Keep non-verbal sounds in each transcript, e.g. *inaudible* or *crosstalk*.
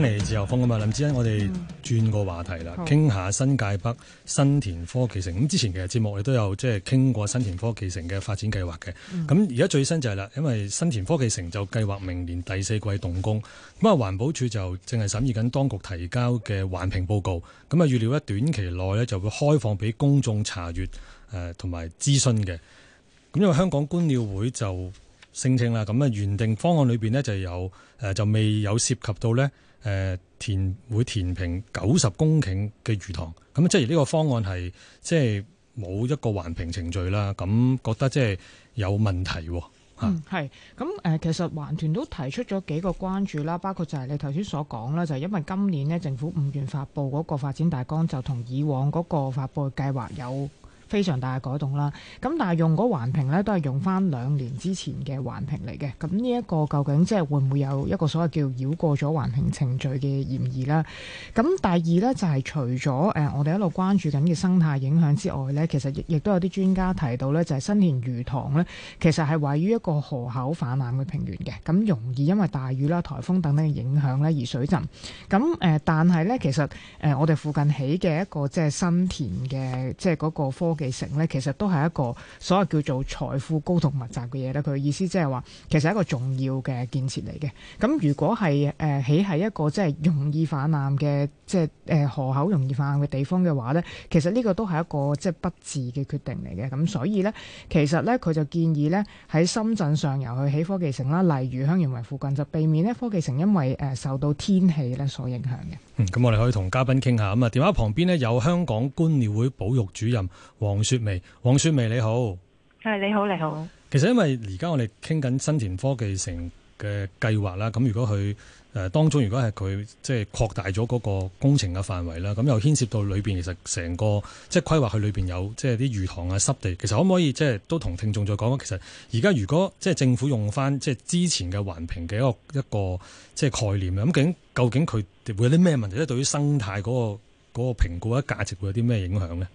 返嚟自由風啊嘛，林志欣，我哋轉個話題啦，傾、嗯、下新界北新田科技城。咁之前其實節目我哋都有即係傾過新田科技城嘅發展計劃嘅。咁而家最新就係、是、啦，因為新田科技城就計劃明年第四季動工。咁啊，環保署就正係審議緊當局提交嘅環評報告。咁啊，預料呢短期內呢，就會開放俾公眾查閱誒，同埋諮詢嘅。咁因為香港觀鳥會就聲稱啦，咁啊原定方案裏邊呢，就有誒，就未有涉及到呢。誒填會填平九十公頃嘅魚塘，咁即係呢個方案係即係冇一個環評程序啦。咁覺得即係有問題。嗯，係咁誒，其實環團都提出咗幾個關注啦，包括就係你頭先所講啦，就係因為今年呢政府五月發布嗰個發展大綱，就同以往嗰個發布計劃有。非常大嘅改動啦，咁但係用嗰環評咧都係用翻兩年之前嘅環評嚟嘅，咁呢一個究竟即係會唔會有一個所謂叫繞過咗環評程序嘅嫌疑啦，咁第二咧就係除咗誒我哋一路關注緊嘅生態影響之外咧，其實亦都有啲專家提到咧，就係新田魚塘咧其實係位於一個河口氾濫嘅平原嘅，咁容易因為大雨啦、台風等等嘅影響咧而水浸。咁誒但係咧其實誒我哋附近起嘅一個即係新田嘅即係嗰個科。科技城呢，其實都係一個所謂叫做財富高度密集嘅嘢咧。佢意思即係、呃就是呃、話，其實這個係一個重要嘅建設嚟嘅。咁如果係誒起喺一個即係容易氾濫嘅即係誒河口容易氾濫嘅地方嘅話呢，其實呢個都係一個即係不智嘅決定嚟嘅。咁所以呢，其實呢，佢就建議呢喺深圳上游去起科技城啦，例如香園圍附近，就避免呢科技城因為誒受到天氣呢所影響嘅。咁、嗯、我哋可以同嘉賓傾下，咁啊電話旁邊呢，有香港觀鳥會保育主任黃雪媚，黃雪媚你好，係你好你好。其實因為而家我哋傾緊新田科技城嘅計劃啦，咁如果佢。誒，當中如果係佢即係擴大咗嗰個工程嘅範圍啦，咁又牽涉到裏邊其實成個即係規劃，佢裏邊有即係啲魚塘啊、濕地，其實可唔可以即係都同聽眾再講？其實而家如果即係政府用返即係之前嘅環評嘅一個一個即係概念，咁究竟佢會有啲咩問題咧？對於生態嗰個嗰個評估啊、價值會有啲咩影響咧？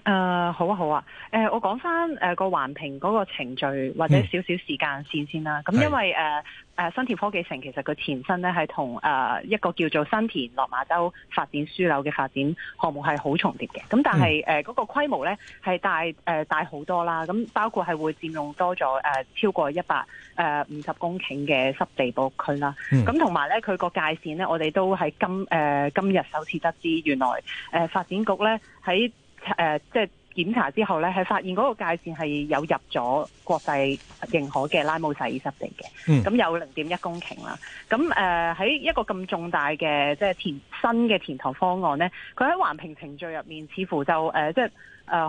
誒、呃，好啊，好啊，誒、呃，我講翻誒個環評嗰個程序或者少少時間線先啦。咁、嗯、因為誒誒、呃、新田科技城其實佢前身咧係同誒一個叫做新田落馬洲發展樞紐嘅發展項目係好重疊嘅。咁但係誒嗰個規模咧係大誒、呃、大好多啦。咁包括係會佔用多咗誒、呃、超過一百誒五十公頃嘅濕地保護區啦。咁同埋咧佢個界線咧我哋都係今誒、呃、今日首次得知，原來誒、呃、發展局咧喺誒、呃，即係檢查之後咧，係發現嗰個界線係有入咗國際認可嘅拉姆薩爾濕地嚟嘅，咁、嗯、有零點一公頃啦。咁誒喺一個咁重大嘅即係填新嘅填塘方案咧，佢喺環評程序入面似乎就誒、呃、即係誒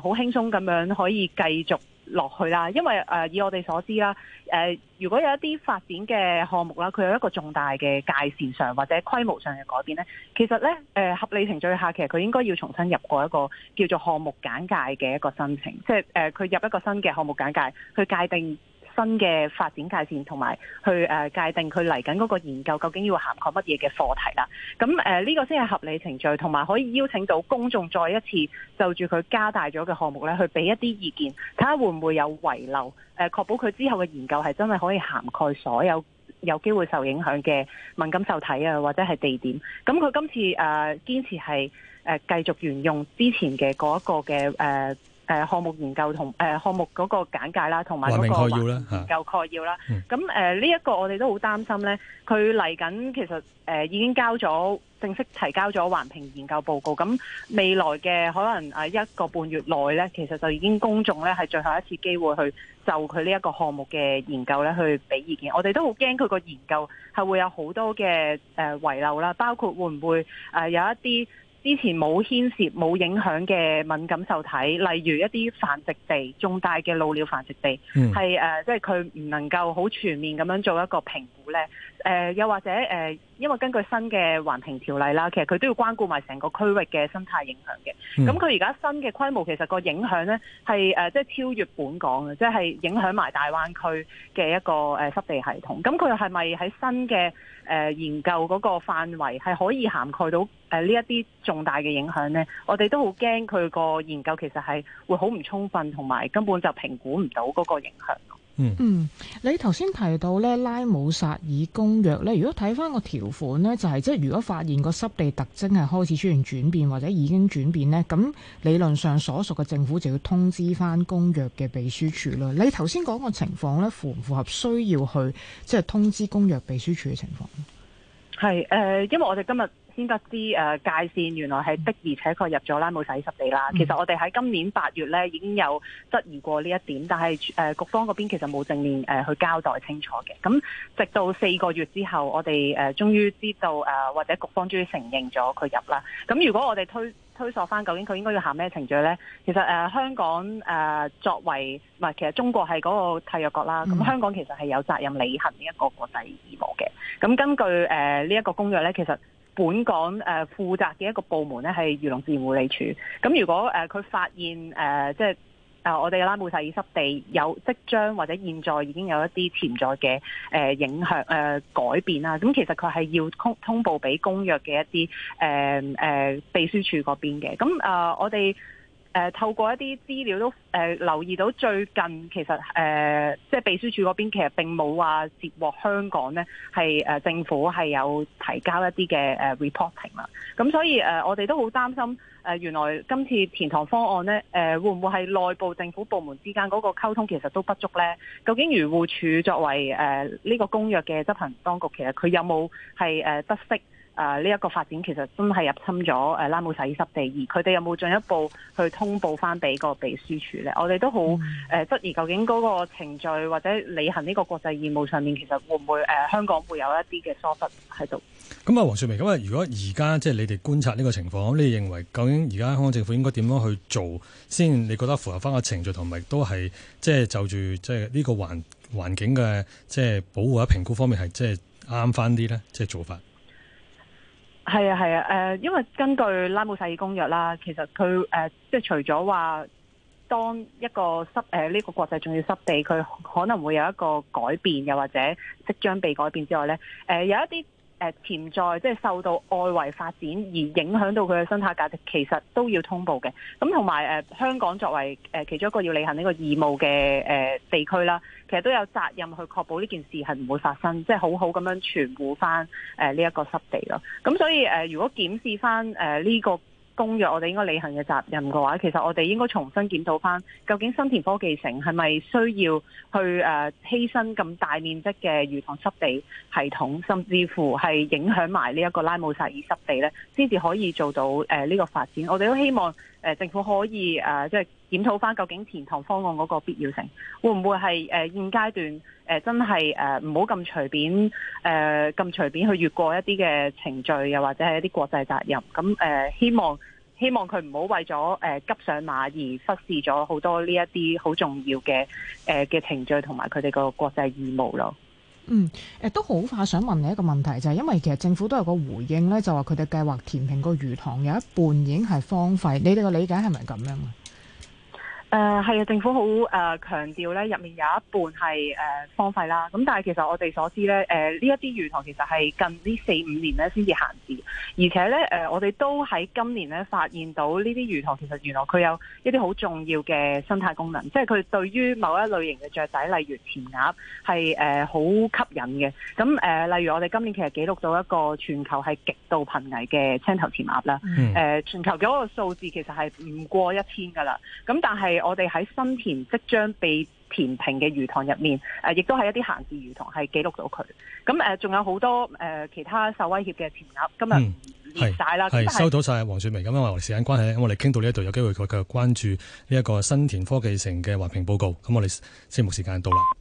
好輕鬆咁樣可以繼續落去啦，因為誒、呃、以我哋所知啦，誒、呃、如果有一啲發展嘅項目啦，佢有一個重大嘅界線上或者規模上嘅改變呢，其實呢，誒、呃、合理程序下，其實佢應該要重新入過一個叫做項目簡介嘅一個申請，即係誒佢入一個新嘅項目簡介，去界定新嘅發展界線，同埋去誒、呃、界定佢嚟緊嗰個研究究竟要涵蓋乜嘢嘅課題啦。咁誒呢個先係合理程序，同埋可以邀請到公眾再一次就住佢加大咗嘅項目咧，去俾一啲意見，睇下會唔會有遺漏誒、呃，確保佢之後嘅研究係真係可以涵蓋所有有機會受影響嘅敏感受體啊，或者係地點。咁佢今次誒、呃、堅持係誒、呃、繼續沿用之前嘅嗰一個嘅誒。呃誒項目研究同誒項目嗰個簡介啦，同埋嗰個環評研究概要啦。咁誒呢一個我哋都好擔心咧，佢嚟緊其實誒已經交咗正式提交咗環評研究報告。咁未來嘅可能一個半月內咧，其實就已經公眾咧係最後一次機會去就佢呢一個項目嘅研究咧去俾意見。我哋都好驚佢個研究係會有好多嘅誒遺漏啦，包括會唔會誒有一啲。之前冇牽涉冇影響嘅敏感受體，例如一啲繁殖地、重大嘅鷺鳥繁殖地，係、嗯呃、即係佢唔能夠好全面咁樣做一個評估咧。誒、呃、又或者誒、呃，因為根據新嘅環評條例啦，其實佢都要關顧埋成個區域嘅生態影響嘅。咁佢而家新嘅規模，其實個影響咧係誒，即係、呃就係、超越本港嘅，即、就、係、係、影響埋大灣區嘅一個誒、呃、濕地系統。咁佢係咪喺新嘅誒、呃、研究嗰個範圍，係可以涵蓋到誒呢一啲重大嘅影響咧？我哋都好驚佢個研究其實係會好唔充分，同埋根本就評估唔到嗰個影響。嗯，嗯，你頭先提到咧，拉姆薩爾公約咧，如果睇翻個條款咧，就係、是、即係如果發現個濕地特徵係開始出現轉變或者已經轉變咧，咁理論上所屬嘅政府就要通知翻公約嘅秘書處啦。你頭先講個情況咧，符唔符合需要去即係通知公約秘書處嘅情況？係誒、呃，因為我哋今日。先得知誒界線原來係的，而且確入咗啦，冇洗濕地啦。其實我哋喺今年八月咧已經有質疑過呢一點，但係誒、呃、局方嗰邊其實冇正面誒、呃、去交代清楚嘅。咁直到四個月之後，我哋誒、呃、終於知道誒、呃、或者局方終於承認咗佢入啦。咁如果我哋推推索翻，究竟佢應該要行咩程序咧？其實誒、呃、香港誒、呃、作為唔係，其實中國係嗰個締約國啦。咁香港其實係有責任履行呢一個國際義務嘅。咁根據誒呢一個公約咧，其實。本港誒負責嘅一個部門咧係漁農自然護理署，咁如果誒佢發現誒即係啊，就是、我哋嘅拉姆薩爾濕地有即將或者現在已經有一啲潛在嘅誒影響誒改變啦，咁其實佢係要通通報俾公約嘅一啲誒誒秘書處嗰邊嘅，咁啊我哋。誒，透過一啲資料都，誒留意到最近其實，誒即係秘書處嗰邊其實並冇話接獲香港呢係、呃、政府係有提交一啲嘅 reporting 啦。咁所以誒、呃，我哋都好擔心誒、呃，原來今次填塘方案呢誒、呃、會唔會係內部政府部門之間嗰個溝通其實都不足呢？究竟漁護署作為誒呢、呃呢個公約嘅執行當局，其實佢有冇係誒得啊！呢、這、一個發展其實都係入侵咗誒、啊、拉姆塞濕地，而佢哋有冇進一步去通報翻俾個秘書處咧？我哋都好誒、呃，質疑究竟嗰個程序或者履行呢個國際義務上面，其實會唔會誒、呃、香港會有一啲嘅疏忽喺度？咁啊，黃雪媚，咁啊，如果而家即係你哋觀察呢個情況，咁你認為究竟而家香港政府應該點樣去做先？你覺得符合翻個程序，同埋都係即係就住即係呢個環環境嘅即係保護或者評估方面是，係即係啱翻啲呢？即係做法。係啊，係啊，誒、啊，因為根據《拉姆薩爾公約》啦，其實佢誒、呃，即係除咗話當一個濕誒呢個國際重要濕地，佢可能會有一個改變，又或者即將被改變之外咧，誒、呃，有一啲誒潛在即係受到外圍發展而影響到佢嘅生態價值，其實都要通報嘅。咁同埋誒，香港作為誒其中一個要履行呢個義務嘅誒、呃、地區啦。呃其實都有責任去確保呢件事係唔會發生，即係好好咁樣保護翻呢一個濕地咯。咁所以如果檢視翻呢個公約，我哋應該履行嘅責任嘅話，其實我哋應該重新檢討翻，究竟新田科技城係咪需要去誒犧牲咁大面積嘅魚塘濕地系統，甚至乎係影響埋呢一個拉姆薩爾濕地咧，先至可以做到呢個發展。我哋都希望政府可以誒即係，就是檢討返究竟填塘方案嗰個必要性，會唔會係誒現階段誒真係誒唔好咁隨便誒咁、呃、隨便去越過一啲嘅程序，又或者係一啲國際責任咁誒、呃，希望希望佢唔好為咗誒、呃、急上馬而忽視咗好多呢一啲好重要嘅誒嘅程序，同埋佢哋個國際義務咯。嗯誒，都好快想問你一個問題，就係、是、因為其實政府都有個回應咧，就話佢哋計劃填平個魚塘有一半已經係荒廢。你哋個理解係咪咁樣啊？誒、呃、係啊，政府好誒、呃、強調咧，入面有一半係誒、呃、荒廢啦。咁但係其實我哋所知咧，誒呢一啲魚塘其實係近呢四五年咧先至閒置，而且咧誒、呃、我哋都喺今年咧發現到呢啲魚塘其實原來佢有一啲好重要嘅生態功能，即係佢對於某一類型嘅雀仔，例如潛鴨，係誒好吸引嘅。咁、呃、例如我哋今年其實記錄到一個全球係極度瀕危嘅青頭潛鴨啦，誒、嗯呃、全球嗰個數字其實係唔過一千㗎啦。咁但係我哋喺新田即將被填平嘅魚塘入面，誒、呃，亦都係一啲閒置魚塘係記錄到佢。咁誒，仲、呃、有好多誒、呃、其他受威脅嘅填鴨，今日滅晒啦。係、嗯、收到晒黃雪媚。咁因為時間關係，我哋傾到呢一度，有機會再繼續關注呢一個新田科技城嘅環評報告。咁我哋節目時間到啦。 *noise*